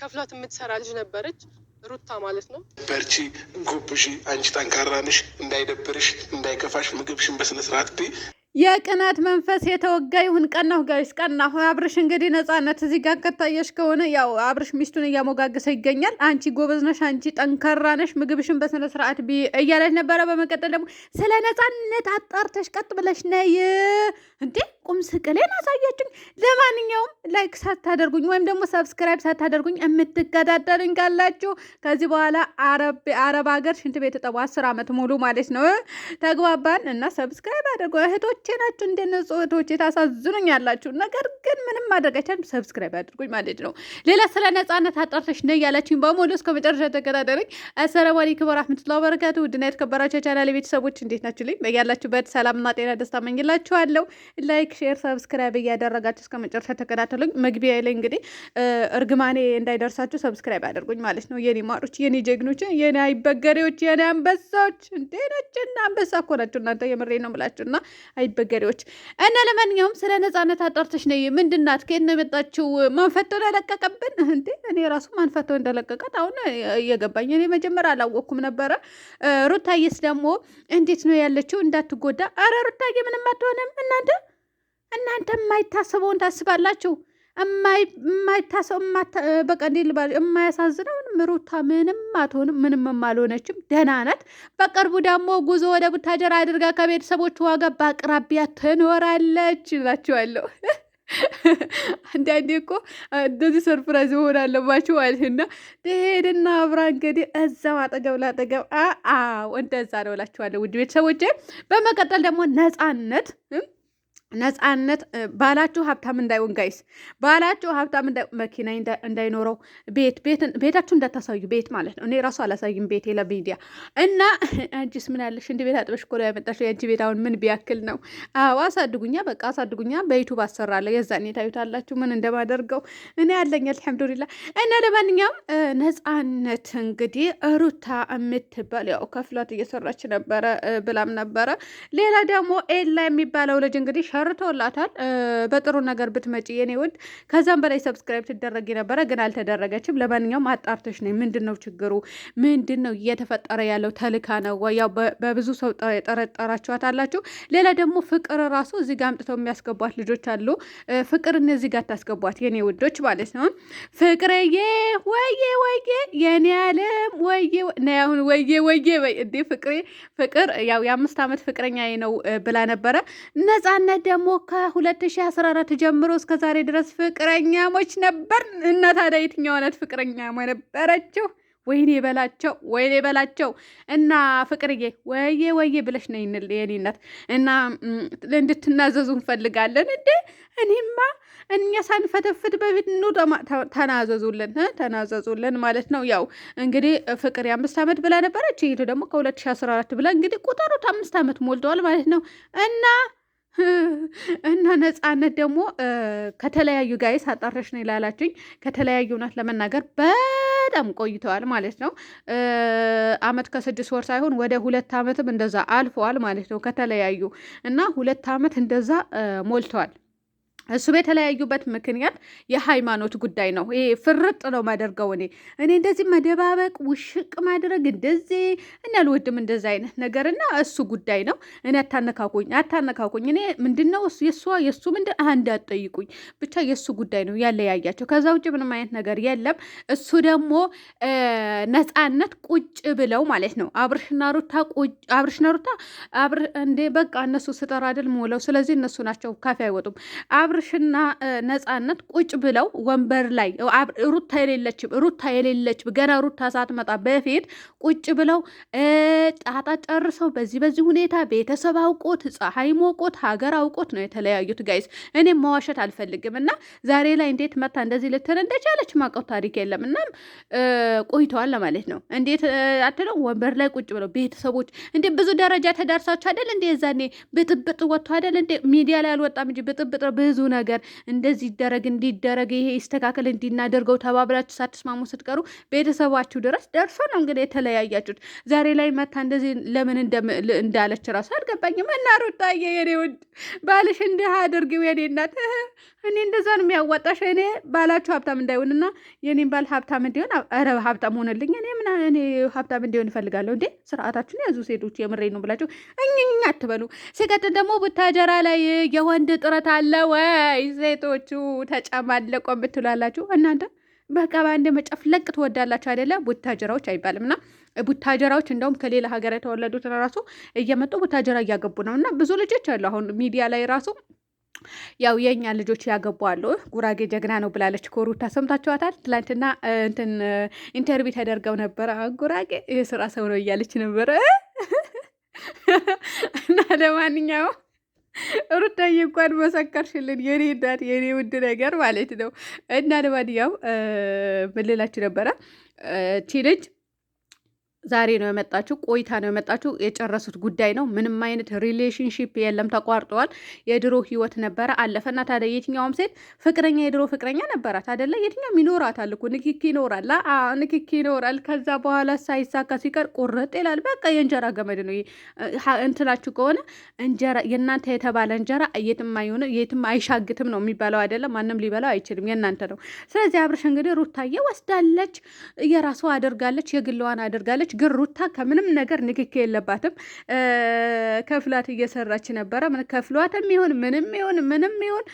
ከፍላት የምትሰራ ልጅ ነበረች ሩታ ማለት ነው። በርቺ፣ ጎብሺ፣ አንቺ ጠንካራ ነሽ፣ እንዳይደብርሽ፣ እንዳይከፋሽ ምግብሽን በስነስርዓት ብ የቅናት መንፈስ የተወጋ ይሁን። ቀናሁ ጋይስ ቀናሁ። አብርሽ እንግዲህ ነጻነት እዚህ ጋር ከታየሽ ከሆነ ያው አብርሽ ሚስቱን እያሞጋገሰ ይገኛል። አንቺ ጎበዝነሽ፣ አንቺ ጠንካራ ምግብሽን በስነ ስርዓት ቢ እያለች ነበረ። በመቀጠል ደግሞ ስለ ነጻነት አጣርተሽ ቀጥ ብለሽ ነይ እንዴ ቁም ስቅሌን አሳያችሁኝ። ለማንኛውም ላይክ ሳታደርጉኝ ወይም ደግሞ ሰብስክራይብ ሳታደርጉኝ የምትገዳደርኝ ካላችሁ ከዚህ በኋላ አረብ ሀገር ሽንት ቤት ጠቡ አስር ዓመት ሙሉ ማለት ነው። ተግባባን እና ሰብስክራይብ አድርጉ። እህቶቼ ናችሁ፣ እንደነጹ እህቶቼ ታሳዝኑኝ ያላችሁ ነገር ግን ምንም ማድረግ አይቻልም። ሰብስክራይብ አድርጉኝ ማለት ነው። ሌላ ስለ ነጻነት አጣርተሽ ነ ያላችሁኝ በሙሉ እስከ መጨረሻ ተከታተሉኝ። አሰላሙ አለይኩም ወራህመቱላሂ ወበረካቱ። ውድና የተከበራችሁ ቻናል ቤተሰቦች እንዴት ናችሁ? ልኝ ያላችሁበት ሰላምና ጤና ደስታ መኝላችኋለሁ። ላይክ ሼር፣ ሰብስክራይብ እያደረጋችሁ እስከ መጨረሻ ተከታተሉኝ። መግቢያ ላይ እንግዲህ እርግማኔ እንዳይደርሳችሁ ሰብስክራይብ አድርጉኝ ማለት ነው። የኔ ማሮች፣ የኔ ጀግኖች፣ የኔ አይበገሬዎች፣ የኔ አንበሳዎች እንዴ ነችና አንበሳ እኮ ናቸው እናንተ። የምሬ ነው የምላችሁ እና አይበገሬዎች እና ለማንኛውም ስለ ነጻነት አጣርተሽ ነይ ምንድናት? ከየት ነው የመጣችው? ማንፈቶ ያለቀቀብን እንዴ እኔ ራሱ ማንፈቶ እንደለቀቀት አሁን እየገባኝ እኔ መጀመር አላወቅኩም ነበረ። ሩታዬስ ደግሞ እንዴት ነው ያለችው? እንዳትጎዳ። አረ ሩታዬ ምንም አትሆንም እናንተ እናንተ የማይታሰበውን ታስባላችሁ። በቃ እንዴ ልባል የማያሳዝነው ምሩታ ምንም አትሆንም፣ ምንም አልሆነችም፣ ደህና ናት። በቅርቡ ደግሞ ጉዞ ወደ ቡታጀራ አድርጋ ከቤተሰቦች ዋጋ በአቅራቢያ ትኖራለች እላችኋለሁ። አንዳንዴ እኮ እንደዚህ ሰርፕራይዝ መሆን አለባቸው አልህና ትሄድና አብራ እንግዲህ እዛው አጠገብ ላጠገብ አዎ፣ እንደዛ ነው እላችኋለሁ ውድ ቤተሰቦቼ። በመቀጠል ደግሞ ነፃነት ነፃነት ባላችሁ ሀብታም እንዳይሆን ጋይስ፣ ባላችሁ ሀብታም መኪና እንዳይኖረው ቤት ቤታችሁ እንዳታሳዩ ቤት ማለት ነው። እኔ ራሱ አላሳይም ቤት ለሚዲያ እና አንቺስ ምን ያለሽ እንዲህ ቤት አጥበሽ ኮላ ያመጣሽ የአንቺ ቤት አሁን ምን ቢያክል ነው? አዎ አሳድጉኛ፣ በቃ አሳድጉኛ። በዩቱብ አሰራለሁ፣ የዛኔ ታዩታላችሁ ምን እንደማደርገው። እኔ ያለኝ አልሐምዱሊላ። እና ለማንኛውም ነፃነት እንግዲህ ሩታ የምትባል ያው ከፍላት እየሰራች ነበረ ብላም ነበረ። ሌላ ደግሞ ኤላ የሚባለው ልጅ እንግዲህ ሸርቶላታል። በጥሩ ነገር ብትመጪ የኔ ውድ። ከዛም በላይ ሰብስክራይብ ትደረግ የነበረ ግን አልተደረገችም። ለማንኛውም አጣርተሽ ነኝ። ምንድን ነው ችግሩ? ምንድን ነው እየተፈጠረ ያለው? ተልካ ነው ወይ? ያው በብዙ ሰው የጠረጠራችኋት አላችሁ። ሌላ ደግሞ ፍቅር ራሱ እዚህ ጋር አምጥተው የሚያስገቧት ልጆች አሉ። ፍቅር እነዚህ ጋር ታስገቧት የኔ ውዶች ማለት ነው። ፍቅርዬ ወዬ ወዬ የኔ አለም ወዬ ናሁን ወዬ ወዬ ወይ እንዴ ፍቅሬ ፍቅር ያው የአምስት ዓመት ፍቅረኛ ነው ብላ ነበረ ነጻነት ደግሞ ከ2014 ጀምሮ እስከ ዛሬ ድረስ ፍቅረኛሞች ነበር እና ታዲያ የትኛው አይነት ፍቅረኛሞ ነበረችው? ወይኔ በላቸው ወይኔ በላቸው እና ፍቅርዬ ወዬ ወዬ ብለሽ ነው ይንል የኔነት እና እንድትናዘዙ እንፈልጋለን። እንደ እኔማ እኛ ሳንፈተፍት በፊት ኑ ተናዘዙልን፣ ተናዘዙልን ማለት ነው። ያው እንግዲህ ፍቅር የአምስት ዓመት ብላ ነበረች። ይሄ ደግሞ ከ2014 ብላ እንግዲህ ቁጠሩት፣ አምስት ዓመት ሞልተዋል ማለት ነው እና እና ነፃነት ደግሞ ከተለያዩ ጋይስ አጣረሽ ነው ይላላችኝ። ከተለያዩ እውነት ለመናገር በጣም ቆይተዋል ማለት ነው። አመት ከስድስት ወር ሳይሆን ወደ ሁለት አመትም እንደዛ አልፈዋል ማለት ነው ከተለያዩ እና ሁለት አመት እንደዛ ሞልተዋል። እሱ የተለያዩበት ምክንያት የሃይማኖት ጉዳይ ነው። ይሄ ፍርጥ ነው ማደርገው እኔ እኔ እንደዚህ መደባበቅ፣ ውሽቅ ማድረግ እንደዚህ እና አልወድም እንደዚህ አይነት ነገር እና እሱ ጉዳይ ነው። እኔ አታነካኩኝ፣ አታነካኩኝ። እኔ ምንድን ነው የእሷ የእሱ ምንድን አንድ አጠይቁኝ ብቻ የእሱ ጉዳይ ነው ያለያያቸው። ከዛ ውጭ ምንም አይነት ነገር የለም። እሱ ደግሞ ነፃነት ቁጭ ብለው ማለት ነው አብርሽና ሩታ አብርሽና ሩታ እንዴ በቃ እነሱ ስጠራ አይደል ሞለው። ስለዚህ እነሱ ናቸው ካፌ አይወጡም። አብርሽና ነፃነት ቁጭ ብለው ወንበር ላይ ሩታ የሌለችም ሩታ የሌለችም ገና ሩታ ሳትመጣ በፊት ቁጭ ብለው ጣጣ ጨርሰው በዚህ በዚህ ሁኔታ ቤተሰብ አውቆት ፀሐይ ሞቆት ሀገር አውቆት ነው የተለያዩት። ጋይስ እኔም መዋሸት አልፈልግም እና ዛሬ ላይ እንዴት መታ እንደዚህ ልትል እንደቻለች ማውቀው ታሪክ የለም። እናም ቆይተዋል ለማለት ነው። እንዴት አትለው ወንበር ላይ ቁጭ ብለው ቤተሰቦች እንዴ ብዙ ደረጃ ተዳርሳችሁ አይደል እንዴ? ዛኔ ብጥብጥ ወጥቶ አይደል እንዴ? ሚዲያ ላይ አልወጣም እንጂ ብጥብጥ ብዙ ነገር እንደዚህ ይደረግ እንዲደረግ ይሄ ይስተካከል እንዲናደርገው ተባብላችሁ ሳትስማሙ ስትቀሩ ቤተሰባችሁ ድረስ ደርሶ ነው እንግዲህ የተለያያችሁት። ዛሬ ላይ መታ እንደዚህ ለምን እንዳለች ራሱ አልገባኝም። እና ሩታዬ የኔ ውድ ባልሽ እንዲህ አድርጊው የኔ እናት፣ እኔ እንደዛ ነው የሚያዋጣሽ። እኔ ባላችሁ ሀብታም እንዳይሆንና የኔም ባል ሀብታም እንዲሆን፣ ረ ሀብታም ሆነልኝ እኔ ምና እኔ ሀብታም እንዲሆን እፈልጋለሁ። እንዴ ስርዓታችሁን ያዙ ሴቶች፣ የምሬ ነው ብላችሁ እኝኛ አትበሉ። ሲቀጥል ደግሞ ቡታጀራ ላይ የወንድ ጥረት አለ ወይ? አይ ሴቶቹ ተጨማለቆ የምትላላችሁ እናንተ በቃ በአንድ መጨፍለቅ ትወዳላችሁ አይደለ? ቡታጀራዎች አይባልም እና ቡታጀራዎች እንደውም ከሌላ ሀገር የተወለዱት ራሱ እየመጡ ቡታጀራ እያገቡ ነው እና ብዙ ልጆች አሉ አሁን ሚዲያ ላይ ራሱ ያው የእኛ ልጆች ያገቡ አሉ። ጉራጌ ጀግና ነው ብላለች ኮሩታ ሰምታችኋታል። ትላንትና እንትን ኢንተርቪው ተደርገው ነበረ። ጉራጌ የስራ ሰው ነው እያለች ነበረ እና ለማንኛውም ሩታዬ እንኳን መሰከርሽልን የኔ እናት የኔ ውድ ነገር ማለት ነው። እና ለማንኛውም ምን ነበረ ቺ ልጅ ዛሬ ነው የመጣችው፣ ቆይታ ነው የመጣችው። የጨረሱት ጉዳይ ነው። ምንም አይነት ሪሌሽንሽፕ የለም፣ ተቋርጠዋል። የድሮ ህይወት ነበረ አለፈና። ታዲያ የትኛውም ሴት ፍቅረኛ የድሮ ፍቅረኛ ነበራት አደለ? የትኛውም ይኖራታል እኮ ንክኪ ይኖራል፣ ንክኪ ይኖራል። ከዛ በኋላ ሳይሳካ ሲቀር ቁርጥ ይላል። በቃ የእንጀራ ገመድ ነው እንትናችሁ ከሆነ እንጀራ የእናንተ የተባለ እንጀራ የትም አይሆነ የትም አይሻግትም ነው የሚባለው አይደለም። ማንም ሊበላው አይችልም፣ የእናንተ ነው። ስለዚህ አብርሽ እንግዲህ ሩታዬ ወስዳለች፣ የራሷ አድርጋለች፣ የግለዋን አድርጋለች። ግን ሩታ ከምንም ነገር ንክክ የለባትም። ከፍላት እየሰራች ነበረ። ከፍሏትም ይሁን ምንም ይሁን ምንም ይሁን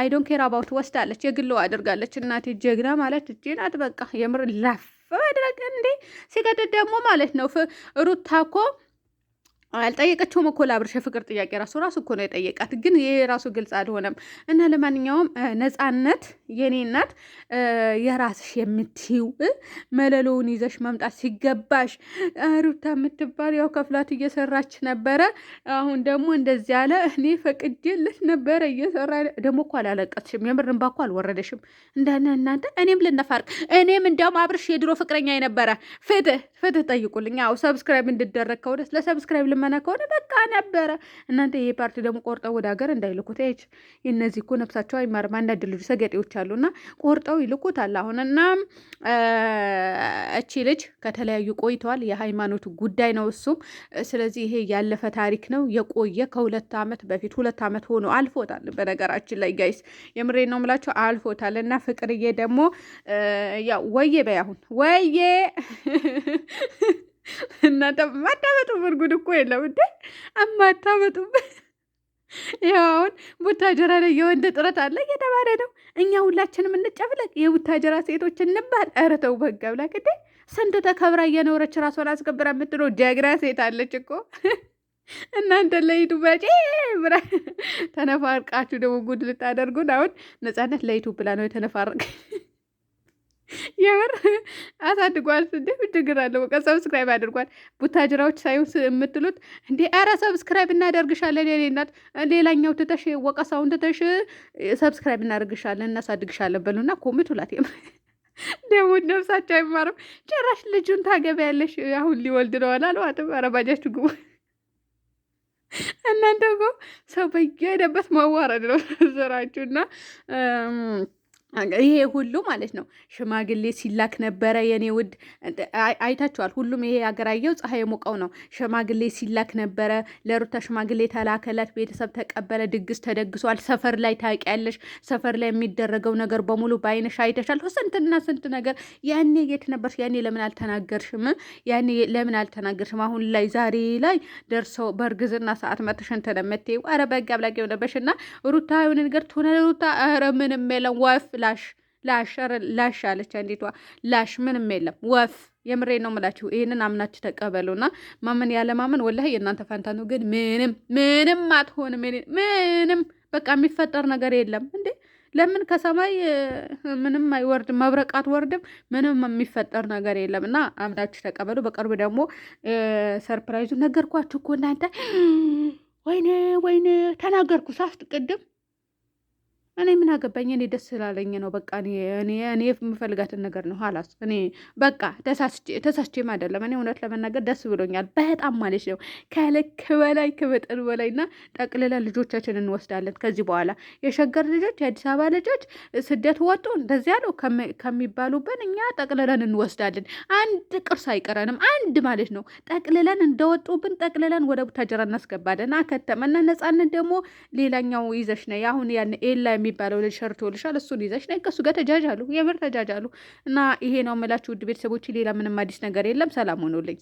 አይዶን ኬር አባውት ወስዳለች፣ የግለው አድርጋለች። እናቴ ጀግና ማለት እጄ ናት። በቃ የምር ላፍ በመድረግ እንዴ ሲገድድ ደግሞ ማለት ነው ሩታ እኮ አልጠየቀችውም እኮ ለአብርሽ ፍቅር ጥያቄ ራሱ ራሱ እኮ ነው የጠየቃት፣ ግን ይሄ ራሱ ግልጽ አልሆነም። እና ለማንኛውም ነፃነት የኔ እናት የራስሽ የምትይው መለሎውን ይዘሽ መምጣት ሲገባሽ፣ ሩታ የምትባል ያው ከፍላት እየሰራች ነበረ። አሁን ደግሞ እንደዚህ ያለ እኔ ፈቅጄልሽ ነበረ እየሰራ ደግሞ እኮ አላለቀትሽም፣ የምር እንባ እኮ አልወረደሽም። እንዳነ እናንተ እኔም ልነፋርቅ እኔም እንዲያውም አብርሽ የድሮ ፍቅረኛ የነበረ ፍትህ ፍትህ ጠይቁልኝ። ያው ሰብስክራይብ እንድደረግ ከወደ ለሰብስክራይብ እየለመነ ከሆነ በቃ ነበረ። እናንተ ይሄ ፓርቲ ደግሞ ቆርጠው ወደ ሀገር እንዳይልኩት ይች እነዚህ እኮ ነፍሳቸው አይማርም። አንዳንድ ልጆች ሰገጤዎች አሉ እና ቆርጠው ይልኩታል። አሁን እቺ ልጅ ከተለያዩ ቆይተዋል። የሃይማኖት ጉዳይ ነው እሱም። ስለዚህ ይሄ ያለፈ ታሪክ ነው የቆየ ከሁለት ዓመት በፊት ሁለት ዓመት ሆኖ አልፎታል። በነገራችን ላይ ጋይስ የምሬ ነው ምላቸው አልፎታል። እና ፍቅርዬ ደግሞ ያው ወዬ በያሁን ወዬ እናንተ ማታመጡበት ጉድ እኮ የለም እንዴ! አማታመጡበት ይኸው አሁን ቡታጀራ ላይ የወንድ ጥረት አለ እየተባለ ነው። እኛ ሁላችንም እንጨፍለቅ፣ የቡታጀራ ሴቶች እንባል። ኧረ ተው በግ አምላክ እንዴ! ስንት ተከብራ እየኖረች ራሷን አስከብራ የምትኖር ጀግና ሴት አለች እኮ። እናንተ ለይቱ ለዩቱባጭ ብላ ተነፋርቃችሁ ደግሞ ጉድ ልታደርጉን። አሁን ነፃነት ለይቱ ብላ ነው የተነፋረቀ የምር አሳድጓል። እንዴ ምን አለው? በቃ ሰብስክራይብ አድርጓል። ቡታጅራዎች ሳይሆን የምትሉት እንዴ፣ ኧረ ሰብስክራይብ እናደርግሻለን የኔ እናት። ሌላኛው ትተሽ ወቀሳውን ትተሽ ሰብስክራይብ እናደርግሻለን እናሳድግሻለን በሉና ኮሚት ሁላት የምር ደግሞ ነብሳቸው አይማርም። ጭራሽ ልጁን ታገቢያለሽ አሁን ሊወልድ ነው አላልዋትም። ኧረ ባጃችሁ ግቡ እናንተ እኮ ሰው በየሄደበት ማዋረድ ነው ስራችሁ እና ይሄ ሁሉ ማለት ነው ሽማግሌ ሲላክ ነበረ። የኔ ውድ አይታችኋል። ሁሉም ይሄ ያገራየው ፀሐይ ሞቀው ነው። ሽማግሌ ሲላክ ነበረ። ለሩታ ሽማግሌ ተላከላት፣ ቤተሰብ ተቀበለ፣ ድግስ ተደግሷል። ሰፈር ላይ ታውቂያለሽ፣ ሰፈር ላይ የሚደረገው ነገር በሙሉ በአይነሽ አይተሻል። ስንትና ስንት ነገር ያኔ የት ነበር? ያኔ ለምን አልተናገርሽም? ያኔ ለምን አልተናገርሽም? አሁን ላይ ዛሬ ላይ ደርሰው በእርግዝና ሰዓት መተሽ እንትን የምትይው ኧረ በግ አብላቂ የሆነበሽ እና ሩታ የሆነ ነገር ትሆነ ሩታ ኧረ ምንም የለም ወፍ ላሽ ላሽ ላሽ አለች አንዲቷ። ላሽ ምንም የለም ወፍ። የምሬ ነው ምላችሁ። ይህንን አምናችሁ ተቀበሉና ማመን ያለ ማመን ወላሂ የእናንተ ፈንታ ነው። ግን ምንም ምንም አትሆንም። ምንም በቃ የሚፈጠር ነገር የለም እንዴ! ለምን ከሰማይ ምንም አይወርድም፣ መብረቅ አትወርድም፣ ምንም የሚፈጠር ነገር የለም። እና አምናችሁ ተቀበሉ። በቅርቡ ደግሞ ሰርፕራይዙ ነገርኳችሁ እኮ እናንተ። ወይኔ ወይኔ ተናገርኩ ሳስት ቅድም እኔ ምን አገባኝ? እኔ ደስ ስላለኝ ነው። በቃ እኔ የምፈልጋትን ነገር ነው። ኋላስ እኔ በቃ ተሳስቼም አይደለም። እኔ እውነት ለመናገር ደስ ብሎኛል በጣም ማለት ነው፣ ከልክ በላይ ከመጠን በላይ እና ጠቅልለን ልጆቻችን እንወስዳለን ከዚህ በኋላ የሸገር ልጆች፣ የአዲስ አበባ ልጆች ስደት ወጡ እንደዚያ ነው ከሚባሉብን እኛ ጠቅልለን እንወስዳለን። አንድ ቅርስ አይቀረንም። አንድ ማለት ነው ጠቅልለን እንደወጡብን ጠቅልለን ወደ ቡታጀራ እናስገባለን። አከተመና ነፃነት ደግሞ ሌላኛው ይዘሽ ነ አሁን ያን ኤላ የሚ የሚባለው ልጅ ሸርቶልሻል፣ እሱን ይዘሽ ነይ። ከእሱ ጋር ተጃጃሉ፣ የምር ተጃጃሉ። እና ይሄ ነው የምላችሁ ውድ ቤተሰቦች፣ ሌላ ምንም አዲስ ነገር የለም። ሰላም ሆኖልኝ